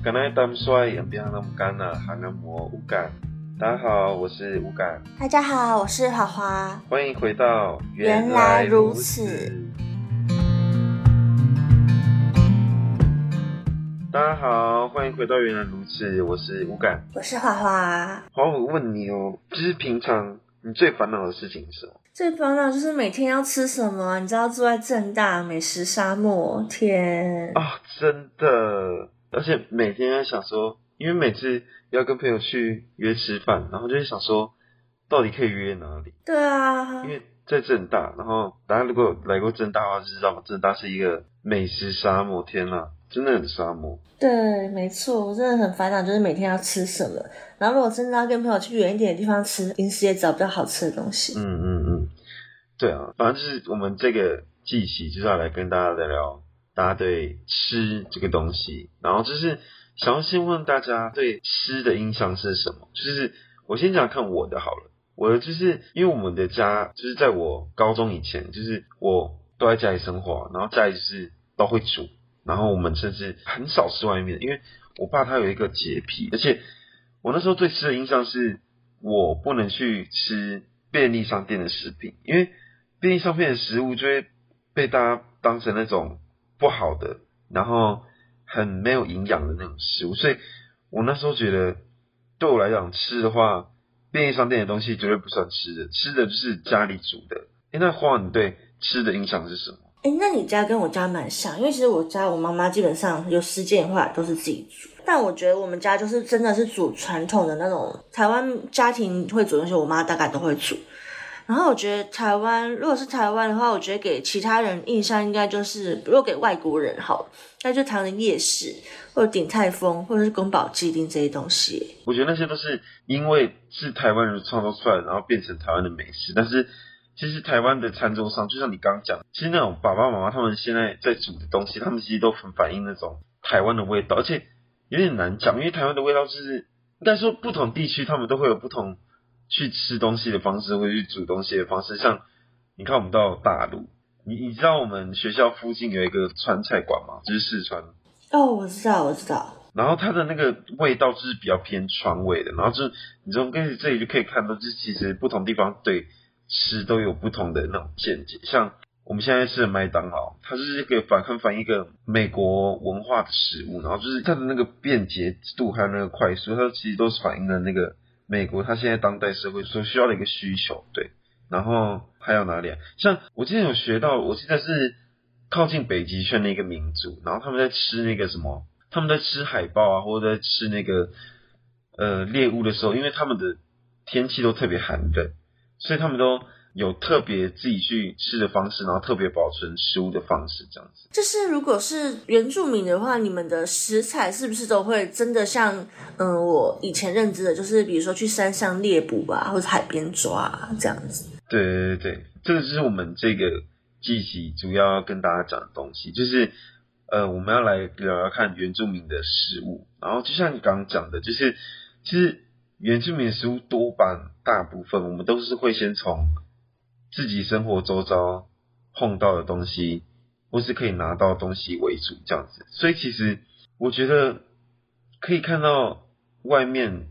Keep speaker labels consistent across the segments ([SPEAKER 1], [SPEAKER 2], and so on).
[SPEAKER 1] 剛才他們帥也不要那麼干了，還那麼無感。”大家好，我是 Ukan。
[SPEAKER 2] 大家好，我是樺樺。
[SPEAKER 1] 歡迎回到原來如此。如此，大家好，歡迎回到原來如此。我是 Ukan，
[SPEAKER 2] 我是樺樺。
[SPEAKER 1] 樺樺，我問你哦，其實平常你最煩惱的事情是
[SPEAKER 2] 什麼？最煩惱就是每天要吃什麼？你知道，住在政大美食沙漠，天
[SPEAKER 1] 啊。哦，真的。而且每天在想說，因為每次要跟朋友去約吃飯，然後就是想說，到底可以約哪裡？對
[SPEAKER 2] 啊，因為
[SPEAKER 1] 在政大，然後大家如果來過政大的話，就知道政大是一個美食沙漠，天吶，真的很沙漠。
[SPEAKER 2] 對，沒錯，我真的很煩惱，就是每天要吃什麼。然後如果真的要跟朋友去遠一點的地方吃，臨時也找不到好吃的東西。
[SPEAKER 1] 嗯嗯嗯，對啊，反正就是我們這個季系就是要來跟大家聊聊。大家對吃這個東西，然後就是想要先問大家對吃的印象是什麼？就是我先講看我的好了。我的就是因為我們的家就是在我高中以前，就是我都在家裡生活，然後家裡就是都會煮，然後我們甚至很少吃外面，因為我爸他有一個潔癖，而且我那時候對吃的印象是我不能去吃便利商店的食品，因為便利商店的食物就會被大家當成那種。不好的，然後很沒有營養的那種食物，所以我那時候覺得，對我來講吃的話，便利商店的東西絕對不算吃的，吃的就是家裡煮的。那樺你對吃的印象是什麼？
[SPEAKER 2] 哎，那你家跟我家蠻像，因為其實我家我媽媽基本上有時間的話都是自己煮，但我覺得我們家就是真的是煮傳統的那種台灣家庭會煮東西，我媽大概都會煮。然後我覺得台灣，如果是台灣的話，我覺得給其他人印象應該就是，如果給外國人好，那就台灣的夜市，或者鼎泰豐，或者是宮保雞丁這些東西。
[SPEAKER 1] 我覺得那些都是因為是台灣人創造出來然後變成台灣的美食。但是其實台灣的餐桌上，就像你剛剛講，其實那種爸爸媽媽他們現在在煮的東西，他們其實都很反映那種台灣的味道，而且有點難講，因為台灣的味道，就是應該說不同地區他們都會有不同。去吃東西的方式，或者去煮東西的方式，像你看我們到大陸，你你知道我們學校附近有一個川菜館嗎？就是四川。
[SPEAKER 2] 哦，我知道，我知道。
[SPEAKER 1] 然後它的那個味道就是比較偏川味的，然後就你從跟這裡就可以看到，就是其實不同地方對吃都有不同的那種見解。像我們現在吃的麥當勞，它就是一個反很反映一個美國文化的食物，然後就是它的那個便捷度還有那個快速，它其實都是反映了那個。美國，它現在當代社會所需要的一個需求，對，然後還有哪裡啊？像我之前有學到，我記得是靠近北極圈的一個民族，然後他們在吃那個什麼，他們在吃海豹啊，或者在吃那個呃獵物的時候，因為他們的天氣都特別寒冷，所以他們都。有特別自己去吃的方式，然後特別保存食物的方式，這樣子。
[SPEAKER 2] 就是如果是原住民的話，你們的食材是不是都會真的像，嗯、呃，我以前認知的，就是比如說去山上獵捕吧，或者海邊抓這樣子。
[SPEAKER 1] 對對對對，這個、就是我們這個季集主要要跟大家講的東西，就是呃，我們要來聊聊看原住民的食物，然後就像你剛剛講的，就是其實原住民的食物多半大部分我們都是會先從。自己生活周遭碰到的東西，或是可以拿到東西為主，這樣子。所以其實我覺得可以看到外面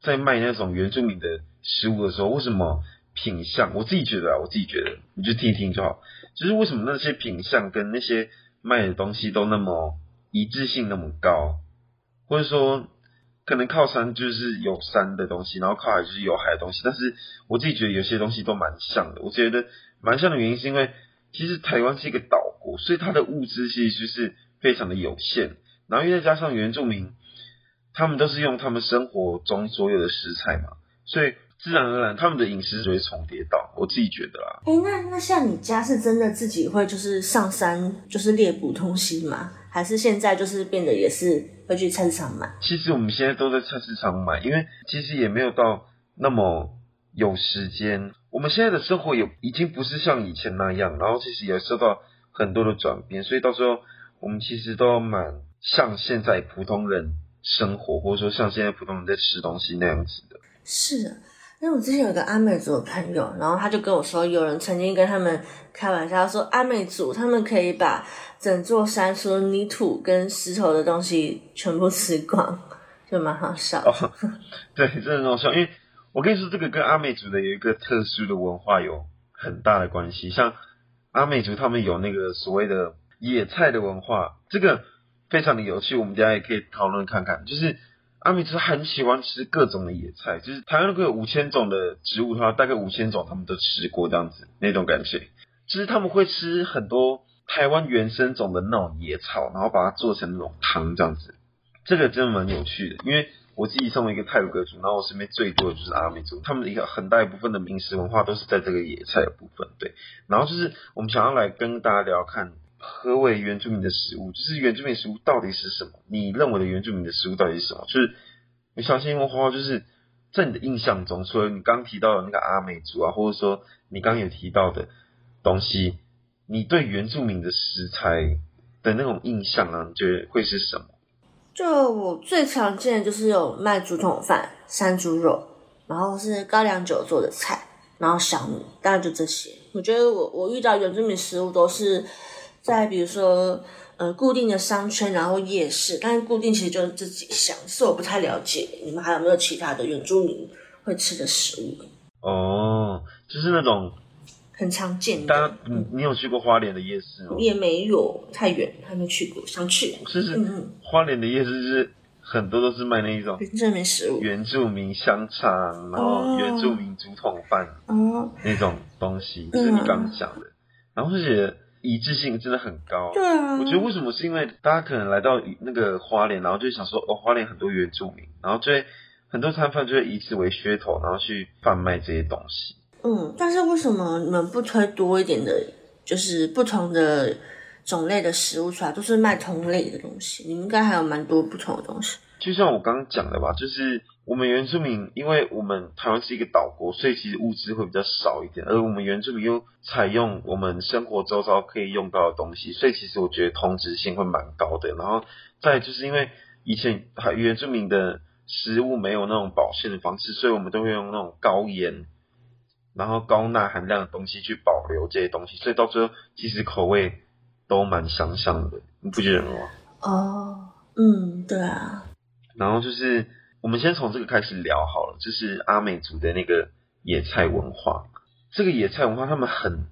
[SPEAKER 1] 在賣那種原住民的食物的時候，為什麼品相？我自己覺得，啊，我自己覺得，你就聽一聽就好。就是為什麼那些品相跟那些賣的東西都那麼一致性那麼高，或者說。可能靠山就是有山的東西，然後靠海就是有海的東西。但是我自己覺得有些東西都蠻像的。我覺得蠻像的原因是因為其實台灣是一個島國，所以它的物資其實就是非常的有限。然後再加上原住民，他們都是用他們生活中所有的食材嘛，所以。自然而然，他們的飲食就會重疊到，我自己覺得啦。
[SPEAKER 2] 哎、欸，那那像你家是真的自己會就是上山就是獵捕東西嗎？還是現在就是變得也是會去菜市場買？
[SPEAKER 1] 其實我們現在都在菜市場買，因為其實也沒有到那麼有時間。我們現在的生活也已經不是像以前那樣，然後其實也受到很多的轉變，所以到時候我們其實都要蠻像現在普通人生活，或者說像現在普通人在吃東西那樣子的。
[SPEAKER 2] 是的。因為我之前有個阿美族的朋友，然後他就跟我說，有人曾經跟他們開玩笑說，阿美族他們可以把整座山說，說泥土跟石頭的東西全部吃光，就蠻好笑。
[SPEAKER 1] 哦，對，真的很好笑，因為我跟你說，這個跟阿美族的有一個特殊的文化有很大的關係。像阿美族，他們有那個所謂的野菜的文化，這個非常的有趣，我們大家也可以討論看看，就是。阿美族很喜歡吃各種的野菜，就是台灣如果有五千種的植物的話，大概五千種他們都吃過這樣子，那種感覺。就是他們會吃很多台灣原生種的那種野草，然後把它做成那種湯這樣子，這個真的蠻有趣的。因為我自己身為一個泰雅族，然後我身邊最多的就是阿美族，他們一個很大一部分的民俗文化都是在這個野菜的部分，對。然後就是我們想要來跟大家聊看。何為原住民的食物？就是原住民食物到底是什麼？你認為的原住民的食物到底是什麼？就是你相信，星期問樺樺，就是在你的印象中，除了你剛提到的那個阿美族啊，或者說你剛有提到的東西，你對原住民的食材的那種印象啊，你覺得會是什麼？
[SPEAKER 2] 就我最常見的就是有賣竹筒飯、山豬肉，然後是高粱酒做的菜，然後小米，大概就這些。我覺得我我遇到原住民食物都是。在比如說，呃，固定的商圈，然後夜市，但是固定其實就是自己想，是我不太了解。你們還有沒有其他的原住民會吃的食物？哦，就是那種很常見的。但
[SPEAKER 1] 你你有去過花蓮的夜市嗎？我也沒有，太遠，還沒去過，想去。是是，嗯、花蓮的夜市，就是很多都是賣那種原住民食物，原住民香腸，然後原住民竹筒飯，哦，那種東西，就是你剛講的，嗯、然後就覺得一致性真的很高啊，對啊。我覺得為什麼是因為大家可能來到那個花蓮，然後就想說哦，花蓮很多原住民，然後就很多攤販就會以此為噱頭，然後去販賣這些東西。
[SPEAKER 2] 嗯，但是為什麼你們不推多一點的，就是不同的種類的食物出來，都是賣同類的東西？你應該還有蠻多不同的東西。
[SPEAKER 1] 就像我剛剛講的吧，就是。我們原住民，因為我們台灣是一個島國，所以其實物資會比較少一點。而我們原住民又採用我們生活周遭可以用到的東西，所以其實我覺得同質性會蠻高的。然後，再就是因為以前原住民的食物沒有那種保鮮的方式，所以我們都會用那種高鹽、然後高鈉含量的東西去保留這些東西。所以到最後，其實口味都蠻相像的，你不覺得嗎？
[SPEAKER 2] 哦，嗯，對
[SPEAKER 1] 啊。然後就是。我們先從這個開始聊好了，就是阿美族的那個野菜文化。這個野菜文化他們很，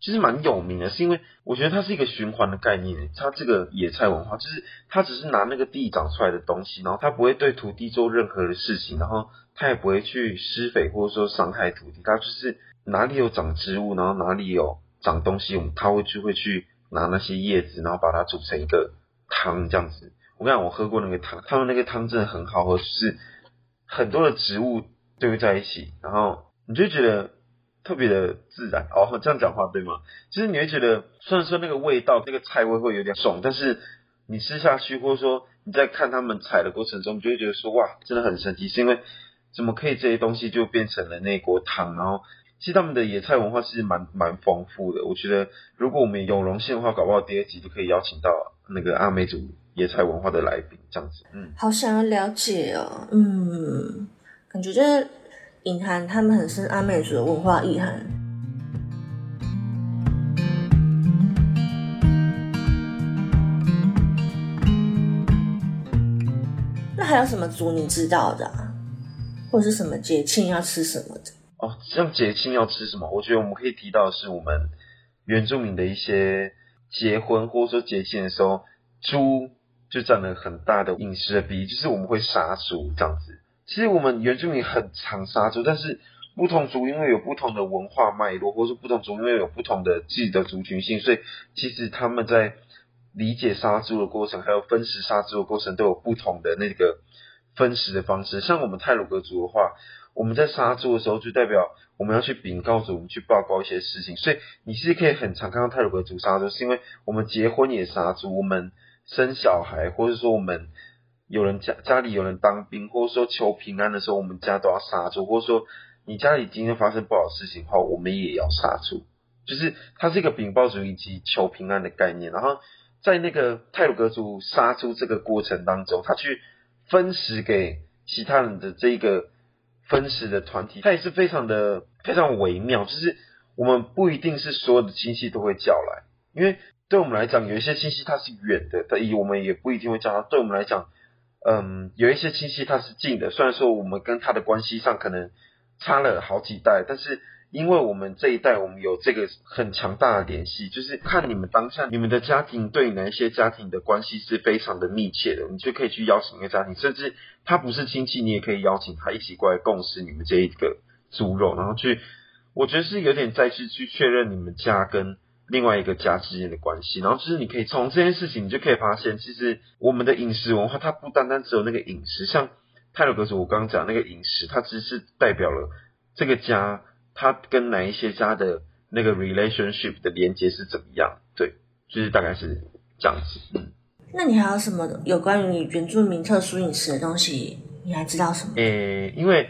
[SPEAKER 1] 就是蠻有名的，是因為我覺得它是一個循環的概念。它這個野菜文化，就是它只是拿那個地長出來的東西，然後它不會對土地做任何的事情，然後它也不會去施肥或者說傷害土地。它就是哪裡有長植物，然後哪裡有長東西，我們它會就會去拿那些葉子，然後把它煮成一個湯這樣子。我跟你講我喝過那個湯，他們那個湯真的很好喝，就是很多的植物都在一起，然後你就覺得特別的自然哦。這樣講話對嗎？其實你會覺得，雖然說那個味道、那個菜味會有點重，但是你吃下去，或者說你在看他們採的過程中，你就會覺得說哇，真的很神奇，是因為怎麼可以這些東西就變成了那鍋湯？然後其實他們的野菜文化是蠻蠻豐富的。我覺得如果我們有榮幸的話，搞不好第二集就可以邀請到那個阿美族，野菜文化的來賓這樣子，
[SPEAKER 2] 嗯，好想要了解哦、喔，嗯，感覺就是隱含他們很深阿美族的文化意涵。嗯、那還有什麼族你知道的、啊，或者是什麼節慶要吃什麼的？
[SPEAKER 1] 哦，像節慶要吃什麼，我覺得我們可以提到的是我們原住民的一些結婚或者說節慶的時候，豬。就佔了很大的飲食的比例，就是我們會殺豬這樣子。其實我們原住民很常殺豬，但是不同族因為有不同的文化脈絡，或者是不同族因為有不同的自己的族群性，所以其實他們在理解殺豬的過程，還有分食殺豬的過程，都有不同的那個分食的方式。像我們太魯閣族的話，我們在殺豬的時候，就代表我們要去禀告主，我們去報告一些事情，所以你是可以很常看到太魯閣族殺豬，是因為我們結婚也殺豬，我們。生小孩，或者說我們有人家家裡有人當兵，或者說求平安的時候，我們家都要殺豬；或者說你家裡今天發生不好的事情的話，我們也要殺豬。就是它是一個稟報主義及求平安的概念。然後在那個太魯閣族殺豬這個過程當中，他去分食給其他人的這個分食的團體，他也是非常的非常微妙。就是我們不一定是所有的親戚都會叫來，因為。對我們來講，有一些親戚他是遠的，所以我們也不一定會叫他。對我們來講，嗯，有一些親戚他是近的，雖然說我們跟他的關係上可能差了好幾代，但是因為我們這一代，我們有這個很強大的聯繫，就是看你們當下，你們的家庭對哪一些家庭的關係是非常的密切的，你就可以去邀請一個家庭，甚至他不是親戚，你也可以邀請他一起過來共食你們這一個豬肉，然後去，我覺得是有點再次去確認你們家跟。另外一個家之間的關係，然後就是你可以從這件事情，你就可以發現，其實我們的飲食文化它不單單只有那個飲食，像太魯閣族我剛剛講那個飲食，它其實是代表了這個家它跟哪一些家的那個 relationship 的連接是怎麼樣，對，就是大概是這樣子。嗯，
[SPEAKER 2] 那你還有什麼有關於你原住民特殊飲食的東西？你還知道什
[SPEAKER 1] 麼？誒，因
[SPEAKER 2] 為。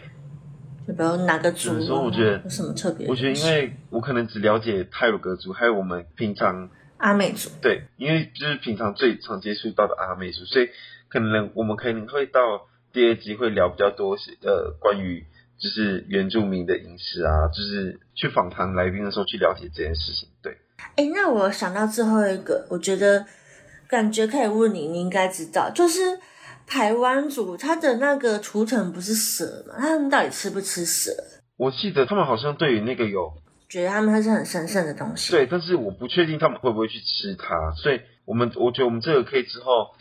[SPEAKER 2] 比如哪個，族，所以我覺得，有什麼特別？我覺得，因為
[SPEAKER 1] 我可能只了解太魯閣族，還有我們平常阿美族。對，因為就是平常最常接觸到的阿美族，所以可能我們可能會到第二集會聊比較多，呃，關於就是原住民的飲食啊，就是去訪談來賓的時候去了解這件事情。對。
[SPEAKER 2] 哎、欸，那我想到最後一個，我覺得感覺可以問你，你應該知道，就是。台灣族他的那個圖騰不是蛇嗎？他們
[SPEAKER 1] 到底吃不吃蛇？我記得他們好像對於那個有
[SPEAKER 2] 覺得他們還是很神聖的東
[SPEAKER 1] 西。對，但是我不確定他們會不會去吃它。所以我們我覺得我們這個可以之後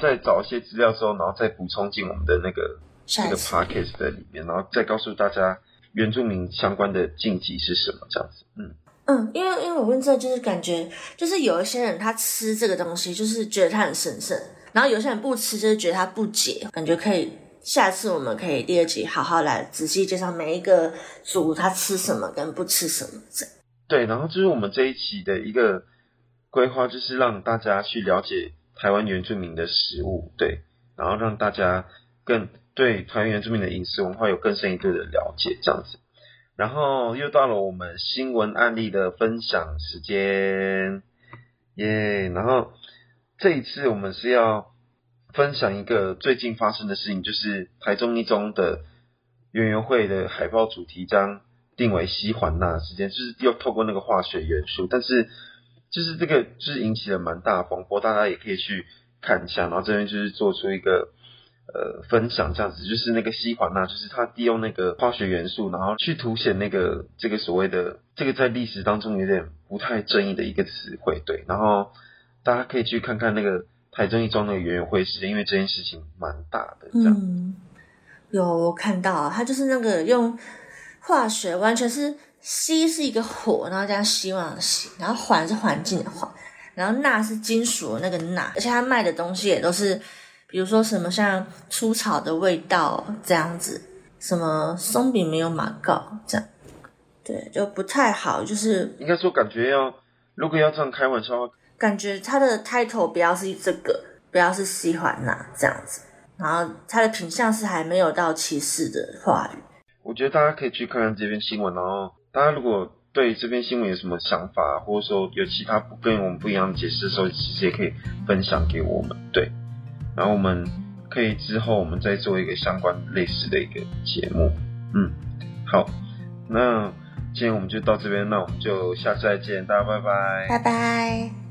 [SPEAKER 1] 再找一些資料之後，然後再補充進我們的那個那個 podcast 的裡面，然後再告訴大家原住民相關的禁忌是什麼這樣子。
[SPEAKER 2] 嗯嗯，因為因為我問這，就是感覺就是有一些人他吃這個東西，就是覺得他很神聖。然後有些人不吃，就是覺得他不解，感覺可以下次我們可以第二集好好來仔細介紹每一個族他吃什麼跟不吃什麼這樣。
[SPEAKER 1] 對，然後就是我們這一期的一個規劃，就是讓大家去了解台灣原住民的食物，對，然後讓大家更對台灣原住民的飲食文化有更深一寸的了解，這樣子。然後又到了我們新聞案例的分享時間，耶，yeah，然後。這一次我們是要分享一個最近發生的事情，就是台中一中的園遊會的海報主題章定為「烯環鈉」事件就是又透過那個化學元素，但是就是這個就是引起了蠻大風波，大家也可以去看一下。然後這邊就是做出一個呃分享，這樣子就是那個「烯環鈉」，就是他利用那個化學元素，然後去凸顯那個這個所謂的這個在歷史當中有點不太正義的一個詞彙，對，然後。大家可以去看看那個台中一中的園遊會事件，因為這件事情蠻大的。這
[SPEAKER 2] 樣。嗯，有我看到，他就是那個用化學，完全是“烯”是一個火，然後這樣希望的希，然後“環”是環境的“環”，然後“鈉”是金屬的那個“鈉”，而且他賣的東西也都是，比如說什麼像出草的味道這樣子，什麼鬆餅沒有馬告這樣，對，
[SPEAKER 1] 就不太好。就是應該說，感覺要如果要這樣開玩笑。
[SPEAKER 2] 感覺他的 title 不要是這個，不要是喜歡啦這樣子，然後他的品相是還沒有到歧視的話語。
[SPEAKER 1] 我覺得大家可以去看看這篇新聞，然後大家如果對這篇新聞有什麼想法，或者說有其他不跟我們不一樣的解釋的時候，其實也可以分享給我們。對，然後我們可以之後我們再做一個相關類似的一個節目。嗯，好，那今天我們就到這邊，那我們就下次再見，大家拜拜，拜拜。